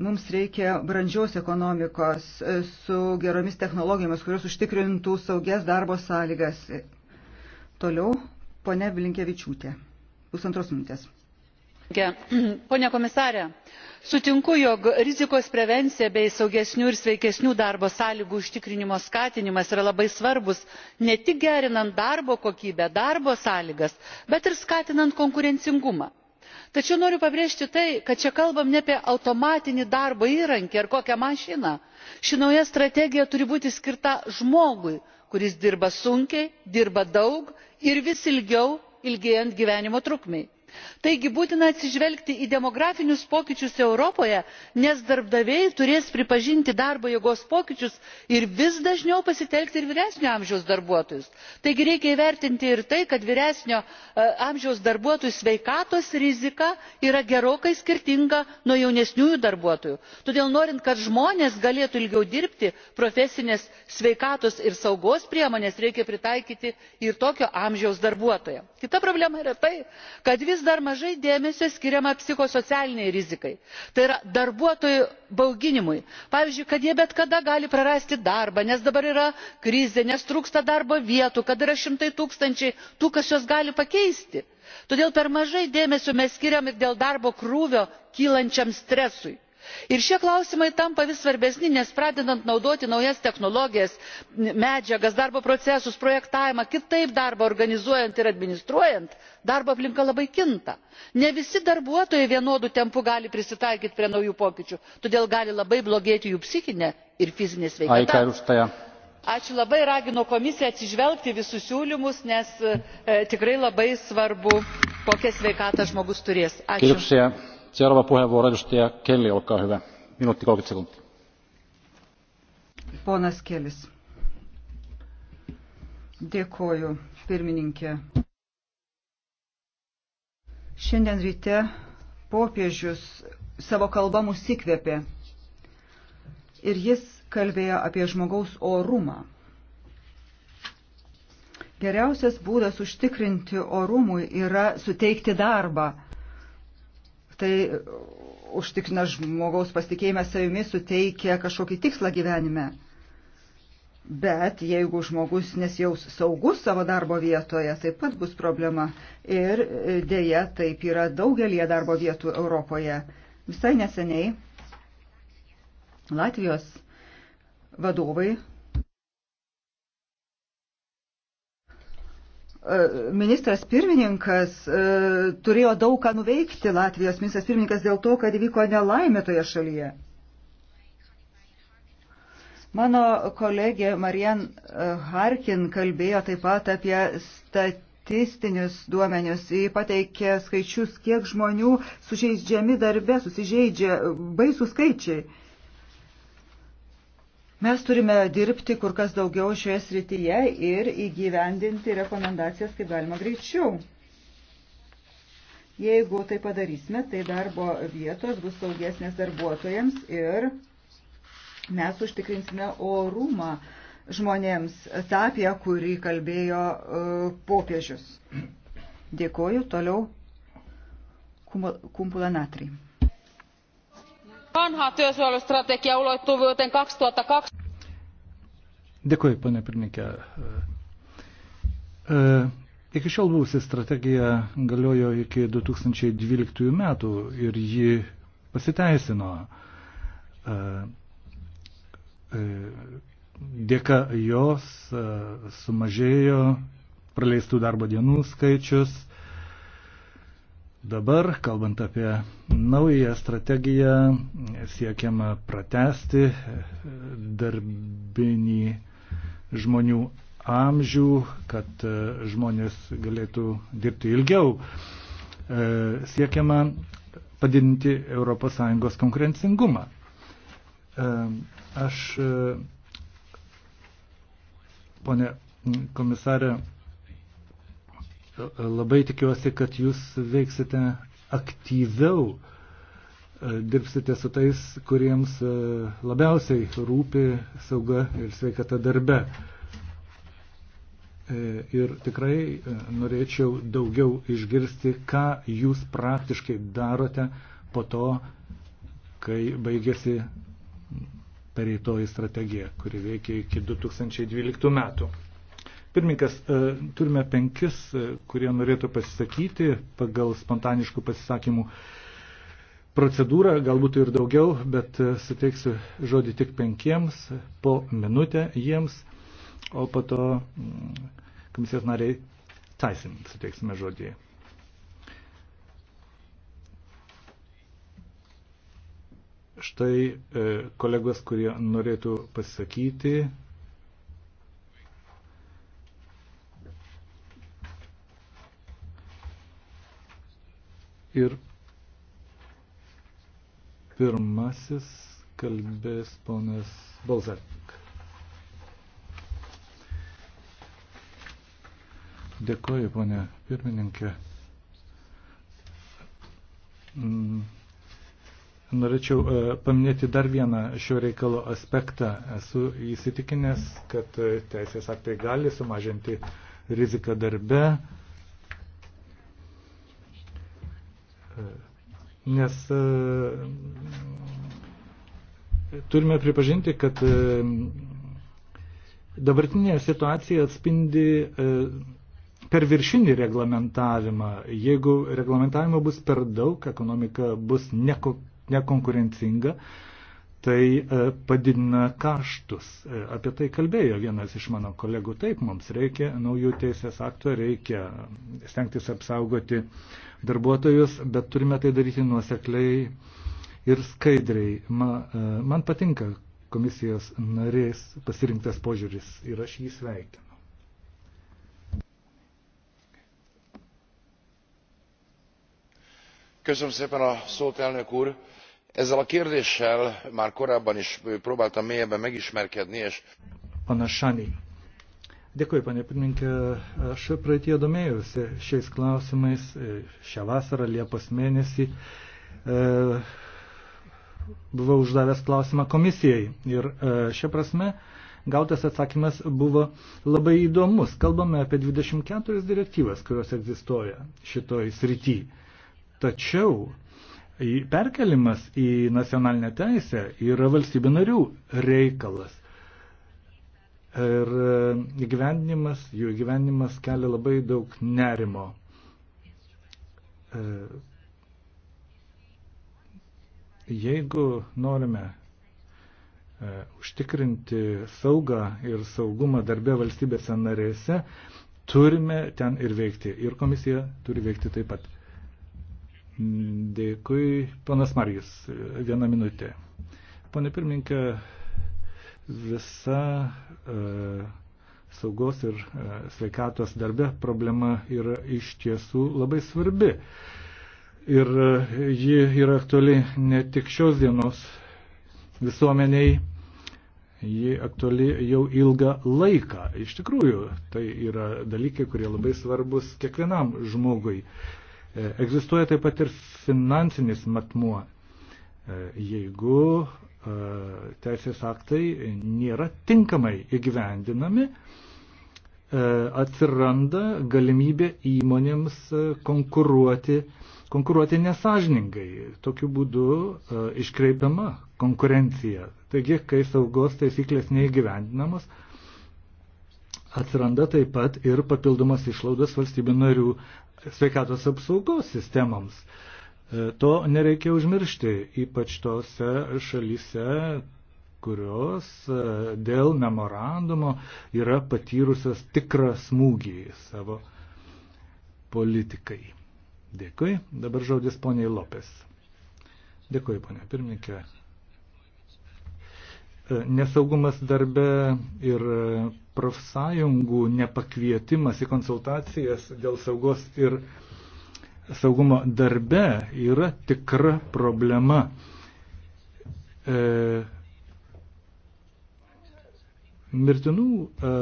Mums reikia brandžios ekonomikos e, su geromis technologijomis, kurios užtikrintų saugias darbo sąlygas. Toliau, ponia Blinkievičiūtė. Pusantros minutės. pone komisare sutinku jog rizikos prevencija bei saugesnių ir sveikesnių darbo sąlygų užtikrinimo skatinimas yra labai svarbūs ne tik gerinant darbo kokybę darbo sąlygas bet ir skatinant konkurencingumą. tačiau noriu pabrėžti tai kad čia kalbame ne apie automatinį darbo įrankį ar kokią mašiną ši nauja strategija turi būti skirta žmogui kuris dirba sunkiai dirba daug ir vis ilgiau ilgėjant gyvenimo trukmei taigi būtina atsižvelgti į demografinius pokyčius europoje nes darbdaviai turės pripažinti darbo jėgos pokyčius ir vis dažniau pasitelkti ir vyresnio amžiaus darbuotojus taigi reikia įvertinti ir tai kad vyresnio e, amžiaus darbuotojų sveikatos rizika yra gerokai skirtinga nuo jaunesniųjų darbuotojų todėl norint kad žmonės galėtų ilgiau dirbti profesines sveikatos ir saugos priemones reikia pritaikyti ir tokio amžiaus darbuotojams. kita problema yra tai kad vis vis dar mažai dėmesio skiriama psichosocialinei rizikai tai yra darbuotojų bauginimui pavyzdžiui kad jie bet kada gali prarasti darbą nes dabar yra krizė nes trūksta darbo vietų kad yra šimtai tūkstančiai tų kas juos gali pakeisti. todėl per mažai dėmesio mes skiriame dėl darbo krūvio kylančiam stresui ir šie klausimai tampa vis svarbesni nes pradedant naudoti naujas technologijas medžiagas darbo procesus projektavimą kitaip darbą organizuojant ir administruojant darbo aplinka labai kinta. ne visi darbuotojai vienodu tempu gali prisitaikyti prie naujų pokyčių todėl gali labai blogėti jų psichinė ir fizinė sveikata. Tai- ačiū labai raginu komisiją atsižvelgti į visus siūlymus nes e, tikrai labai svarbu kokią sveikatą žmogus turės. Ponas Kelis. Dėkoju, pirmininkė. Šiandien ryte popiežius savo kalbą mus įkvėpė ir jis kalbėjo apie žmogaus orumą. Geriausias būdas užtikrinti orumui yra suteikti darbą – Tai užtikrina žmogaus pasitikėjimą savimi, suteikia kažkokį tikslą gyvenime. Bet jeigu žmogus nesijaus saugus savo darbo vietoje, taip pat bus problema. Ir dėja, taip yra daugelie darbo vietų Europoje. Visai neseniai Latvijos vadovai E, ministras pirmininkas e, turėjo daug ką nuveikti Latvijos ministras pirmininkas dėl to, kad įvyko nelaimė toje šalyje. Mano kolegė Marian e, Harkin kalbėjo taip pat apie statistinius duomenius. Ji pateikė skaičius, kiek žmonių sužeidžiami darbe, susižeidžia baisų skaičiai. Mes turime dirbti kur kas daugiau šioje srityje ir įgyvendinti rekomendacijas kaip galima greičiau. Jeigu tai padarysime, tai darbo vietos bus saugesnės darbuotojams ir mes užtikrinsime orumą žmonėms, tą apie kurį kalbėjo e, popiežius. Dėkoju toliau kumpulanatrai. Vanha työsuojelustrategia ulottuu vuoteen 2002. Dėkui, pane pirmininkė. E, e, iki šiol buvusi strategija galiojo iki 2012 metų ir ji pasiteisino. E, e, dėka jos e, sumažėjo praleistų darbo dienų skaičius, Dabar, kalbant apie naują strategiją, siekiama pratesti e, darbinį žmonių amžių, kad e, žmonės galėtų dirbti ilgiau. E, siekiama padidinti ES konkurencingumą. Aš, ponė komisarė, Labai tikiuosi, kad jūs veiksite aktyviau, e, dirbsite su tais, kuriems e, labiausiai rūpi sauga ir sveikata darbe. E, ir tikrai norėčiau daugiau išgirsti, ką jūs praktiškai darote po to, kai baigėsi pereitoji strategija, kuri veikia iki 2012 metų. Pirmininkas, e, turime penkis, e, kurie norėtų pasisakyti pagal spontaniškų pasisakymų procedūrą, galbūt ir daugiau, bet e, suteiksiu žodį tik penkiems, po minutę jiems, o po to mm, komisijos nariai Tyson suteiksime žodį. Štai kolegos, kurie norėtų pasakyti, Ir pirmasis kalbės ponas Balzak. Dėkoju, ponė pirmininkė. Mm. Norėčiau e, paminėti dar vieną šio reikalo aspektą. Esu įsitikinęs, kad e, teisės aktai gali sumažinti riziką darbe, Nes e, turime pripažinti, kad e, dabartinė situacija atspindi e, per viršinį reglamentavimą. Jeigu reglamentavimo bus per daug, ekonomika bus nekonkurencinga, tai e, padidina kaštus. E, apie tai kalbėjo vienas iš mano kolegų. Taip, mums reikia naujų teisės aktų, reikia stengtis apsaugoti darbuotojus, bet turime tai daryti nuosekliai ir skaidriai. Man, e, man patinka komisijos narės pasirinktas požiūris ir aš jį sveikinu. Köszönöm szépen a szót, elnök úr! ezzel a kérdéssel már korábban is próbáltam mélyebben megismerkedni és Pana Šani. Dėkui, panė pirmininkė, aš praeitie domėjausi šiais klausimais e, šią vasarą, Liepos mėnesį. E, buvau uždavęs klausimą komisijai ir e, šia prasme gautas atsakymas buvo labai įdomus. Kalbame apie 24 direktyvas, kurios egzistuoja šitoj srity. Tačiau perkelimas į nacionalinę teisę yra valstybių narių reikalas. Ir e, gyvenimas, jų gyvenimas kelia labai daug nerimo. E, jeigu norime e, užtikrinti saugą ir saugumą darbę valstybėse narėse, turime ten ir veikti. Ir komisija turi veikti taip pat. Dėkui. Panas Margis, vieną minutę. Pone pirmininkė, visa e, saugos ir e, sveikatos darbe problema yra iš tiesų labai svarbi. Ir e, ji yra aktuali ne tik šios dienos visuomeniai, ji aktuali jau ilgą laiką. Iš tikrųjų, tai yra dalykai, kurie labai svarbus kiekvienam žmogui. E, E, egzistuoja taip pat ir finansinis matmuo. E, jeigu e, teisės aktai nėra tinkamai įgyvendinami, atsiranda galimybė įmonėms konkuruoti, konkuruoti nesažningai. Tokiu būdu iškreipiama konkurencija. Taigi, kai saugos taisyklės neįgyvendinamos, atsiranda taip pat ir papildomas išlaudas valstybių narių sveikatos apsaugos sistemoms. E, to nereikia užmiršti, ypač tose šalise, kurios e, dėl memorandumo yra patyrusios tikrą smūgį savo politikai. Dėkui. Dabar žodis poniai Lopes. Dėkui, ponia pirmininkė nesaugumas darbe ir e, profsąjungų nepakvietimas į konsultacijas dėl saugos ir saugumo darbe yra tikra problema. E, mirtinų e,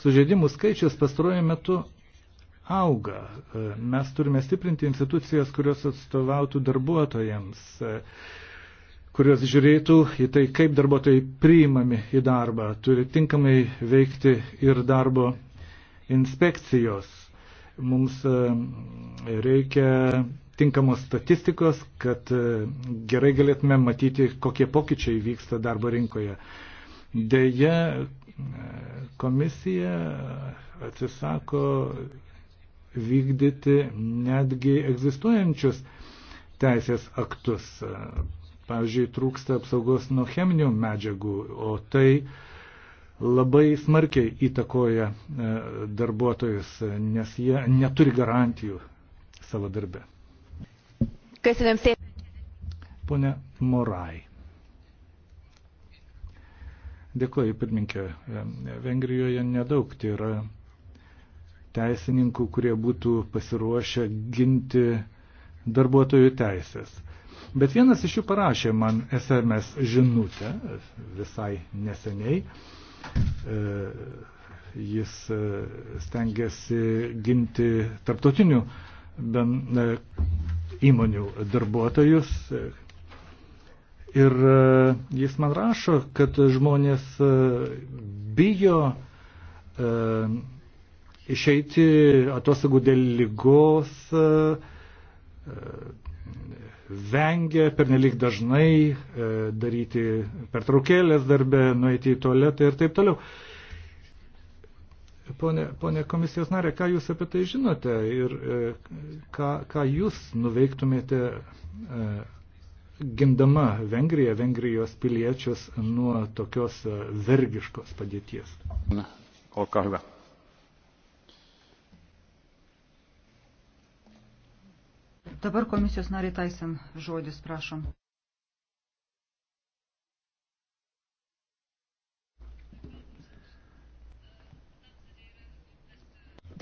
sužeidimų skaičius pastaruoju metu auga. E, mes turime stiprinti institucijas, kurios atstovautų darbuotojams. E, kurios žiūrėtų į tai, kaip darbuotojai priimami į darbą. Turi tinkamai veikti ir darbo inspekcijos. Mums e, reikia tinkamos statistikos, kad e, gerai galėtume matyti, kokie pokyčiai vyksta darbo rinkoje. Deja, e, komisija atsisako vykdyti netgi egzistuojančius teisės aktus. Pavyzdžiui, trūksta apsaugos nuo cheminių medžiagų, o tai labai smarkiai įtakoja e, darbuotojus, nes jie neturi garantijų savo darbe. Pone Morai. Dėkuoju, pirminkė. E, Vengrijoje nedaug tai yra teisininkų, kurie būtų pasiruošę ginti darbuotojų teisės. Bet vienas iš jų parašė man SMS žinutę visai neseniai. E, jis e, stengiasi ginti tarptautinių e, įmonių darbuotojus. Ir jis man rašo, kad žmonės bijo išeiti atostogų dėl lygos, vengia pernelik dažnai e, daryti pertraukėlės darbę, nueiti į tualetą ir taip toliau. Pone, pone komisijos narė, ką jūs apie tai žinote ir e, ką, ką jūs nuveiktumėte e, gindama Vengriją, Vengrijos piliečius nuo tokios vergiškos padėties? Olkaa hyvä. Dabar komisijos nariai Taisen žodis, prašom.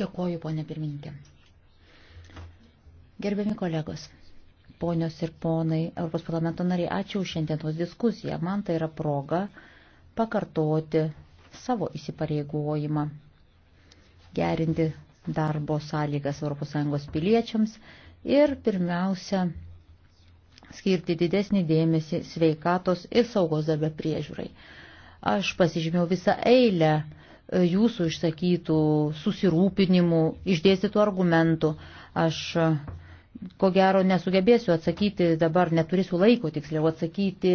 Dėkoju, ponė pirmininkė. Gerbiami kolegos, ponios ir ponai, Europos parlamento nariai, ačiū už šiandienos diskusiją. Man tai yra proga pakartoti savo įsipareigojimą, gerinti darbo sąlygas ES piliečiams ir pirmiausia skirti didesnį dėmesį sveikatos ir saugos darbe priežiūrai. Aš pasižymėjau visą eilę e, jūsų išsakytų susirūpinimų, išdėstytų argumentų. Aš e, ko gero nesugebėsiu atsakyti, dabar neturėsiu laiko tiksliau atsakyti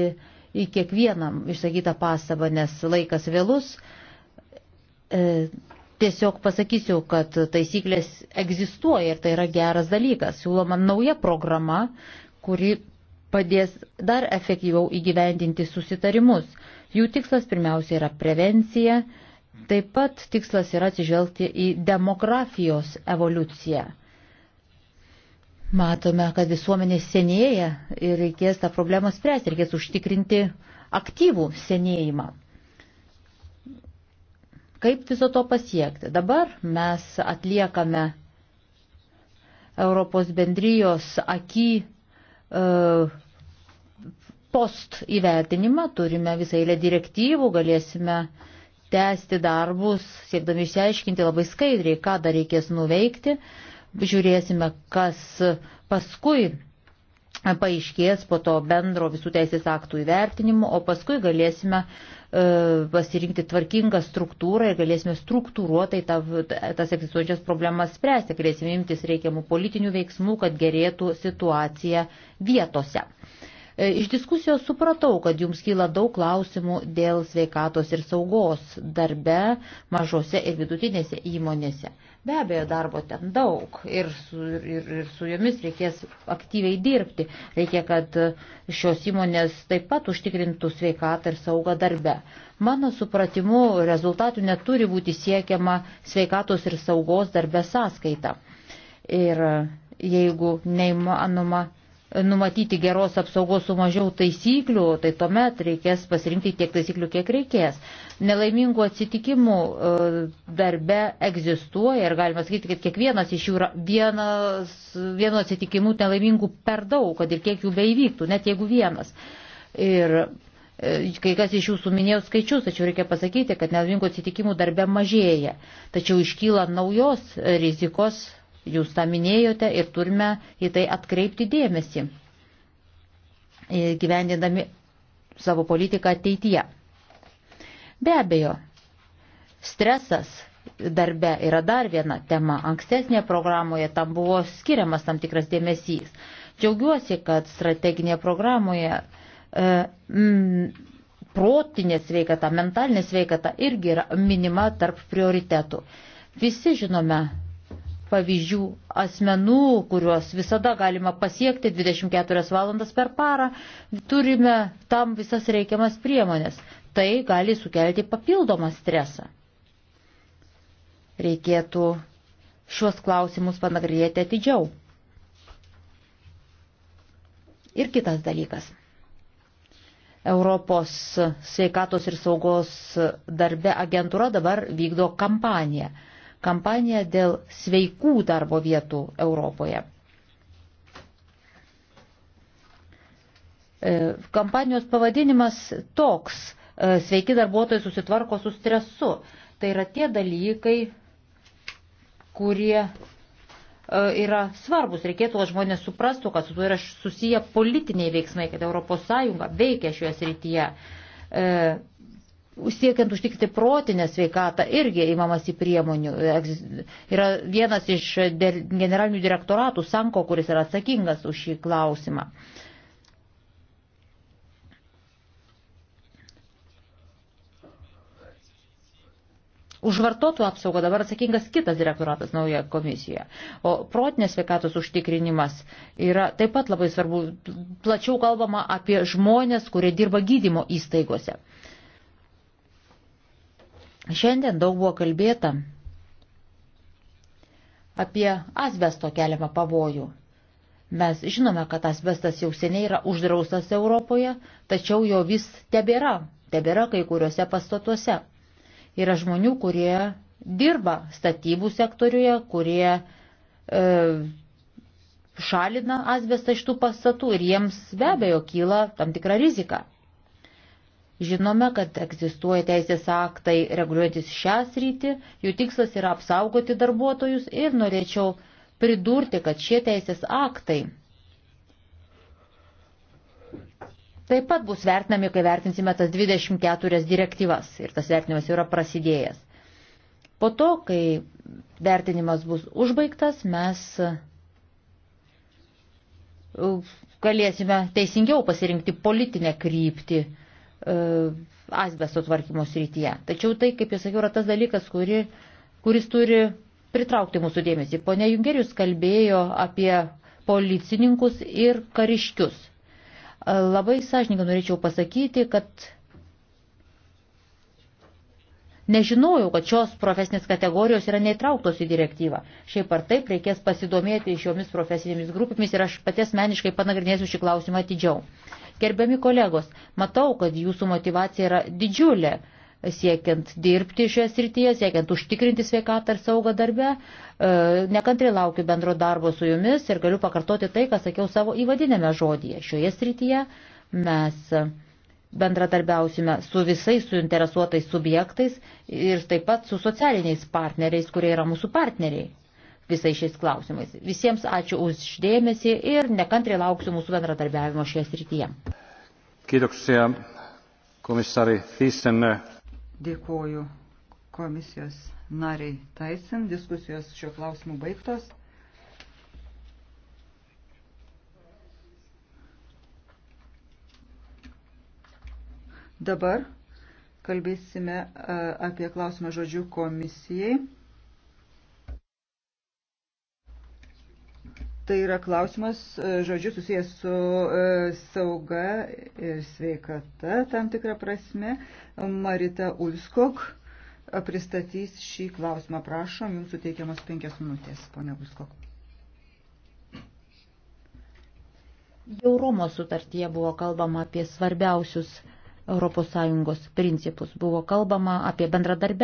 į kiekvieną išsakytą pastabą, nes laikas vėlus. E, Tiesiog pasakysiu, kad taisyklės egzistuoja ir tai yra geras dalykas. Siūloma nauja programa, kuri padės dar efektyviau įgyvendinti susitarimus. Jų tikslas pirmiausia yra prevencija, taip pat tikslas yra atsižvelgti į demografijos evoliuciją. Matome, kad visuomenė senėja ir reikės tą problemą spręsti, reikės užtikrinti aktyvų senėjimą. Kaip viso to pasiekti? Dabar mes atliekame Europos bendrijos akį e, post įvertinimą, turime visą eilę direktyvų, galėsime tęsti darbus, siekdami išsiaiškinti labai skaidriai, ką dar reikės nuveikti, žiūrėsime, kas paskui paaiškės po to bendro visų teisės aktų įvertinimo, o paskui galėsime e, pasirinkti tvarkingą struktūrą ir galėsime struktūruotai ta, tas egzistuojančias problemas spręsti, galėsime imtis reikiamų politinių veiksmų, kad gerėtų situacija vietose. E, iš diskusijos supratau, kad jums kyla daug klausimų dėl sveikatos ir saugos darbe mažose ir vidutinėse įmonėse. Be abejo, darbo ten daug ir su, ir, ir su jomis reikės aktyviai dirbti. Reikia, kad šios įmonės taip pat užtikrintų sveikatą ir saugą darbę. Mano supratimu, rezultatų neturi būti siekiama sveikatos ir saugos darbę sąskaita. Ir jeigu neįmanoma numatyti geros apsaugos su mažiau taisyklių, tai tuomet reikės pasirinkti tiek taisyklių, kiek reikės. Nelaimingų atsitikimų e, darbe egzistuoja ir galima sakyti, kad kiekvienas iš jų yra vienas, vienu atsitikimu nelaimingų per daug, kad ir kiek jų beivyktų, net jeigu vienas. Ir e, kai kas iš jūsų minėjo skaičius, tačiau reikia pasakyti, kad nelaimingų atsitikimų darbe mažėja. Tačiau iškyla naujos rizikos Jūs tą minėjote ir turime į tai atkreipti dėmesį, e, gyvendindami savo politiką ateityje. Be abejo, stresas darbe yra dar viena tema. Ankstesnėje programoje tam buvo skiriamas tam tikras dėmesys. Džiaugiuosi, kad strateginėje programoje e, mm, protinė sveikata, mentalinė sveikata irgi yra minima tarp prioritetų. Visi žinome, pavyzdžių asmenų, kuriuos visada galima pasiekti 24 valandas per parą, turime tam visas reikiamas priemonės. Tai gali sukelti papildomą stresą. Reikėtų šiuos klausimus panagrėti atidžiau. Ir kitas dalykas. Europos sveikatos ir saugos darbe agentūra dabar vykdo kampaniją kampaniją dėl sveikų darbo vietų Europoje. E, kampanijos pavadinimas toks e, - sveiki darbuotojai susitvarko su stresu. Tai yra tie dalykai, kurie e, yra svarbus. Reikėtų, kad žmonės suprastų, kad su tuo yra susiję politiniai veiksmai, kad ES veikia šioje srityje siekiant užtikti protinę sveikatą, irgi įmamasi priemonių. Yra vienas iš generalinių direktoratų, Sanko, kuris yra atsakingas už šį klausimą. Už vartotojų apsaugą dabar atsakingas kitas direktoratas nauja komisija. O protinės sveikatos užtikrinimas yra taip pat labai svarbu. Plačiau kalbama apie žmonės, kurie dirba gydymo įstaigose. Uh, Šiandien daug buvo kalbėta apie asbesto keliamą pavojų. Mes žinome, kad asbestas jau seniai yra uždraustas Europoje, tačiau jo vis tebėra, tebėra kai kuriuose pastatuose. Yra žmonių, kurie dirba statybų sektoriuje, kurie e, šalina asbestą iš tų pastatų ir jiems be abejo kyla tam tikra rizika. Žinome, kad egzistuoja teisės aktai reguliuojantis šią sritį, jų tikslas yra apsaugoti darbuotojus ir norėčiau pridurti, kad šie teisės aktai taip pat bus vertinami, kai vertinsime tas 24 direktyvas ir tas vertinimas jau yra prasidėjęs. Po to, kai vertinimas bus užbaigtas, mes uh, galėsime teisingiau pasirinkti politinę kryptį E, asbesto tvarkymo srityje. Tačiau tai, kaip jau sakiau, yra tas dalykas, kuri, kuris turi pritraukti mūsų dėmesį. Pone Jungerius kalbėjo apie policininkus ir kariškius. E, labai sąžininkai norėčiau pasakyti, kad nežinojau, kad šios profesinės kategorijos yra neįtrauktos į direktyvą. Šiaip ar taip reikės pasidomėti šiomis profesinėmis grupėmis ir aš paties meniškai panagrinėsiu šį klausimą atidžiau. Gerbiami kolegos, matau, kad jūsų motivacija yra didžiulė siekiant dirbti šioje srityje, siekiant užtikrinti sveikatą ir saugą darbę. E, nekantriai laukiu bendro darbo su jumis ir galiu pakartoti tai, ką sakiau savo įvadinėme žodyje. Šioje srityje mes bendradarbiausime su visais suinteresuotais subjektais ir taip pat su socialiniais partneriais, kurie yra mūsų partneriai visais šiais klausimais. Visiems ačiū už išdėmesį ir nekantriai lauksiu mūsų bendradarbiavimo šioje srityje. Kiitoksia komisari Thyssen. Dėkuoju komisijos nariai Taisin. Diskusijos šiuo klausimu baigtos. Dabar kalbėsime apie klausimą žodžių komisijai. Tai yra klausimas, e, žodžiu, susijęs su e, sauga ir sveikata tam tikrą prasme. Marita Ulskok e, pristatys šį klausimą. Prašom, jums suteikiamos penkias minutės, ponia Ulskok. Jau Romos sutartyje buvo kalbama apie svarbiausius ES principus. Buvo kalbama apie bendradarbiavimą.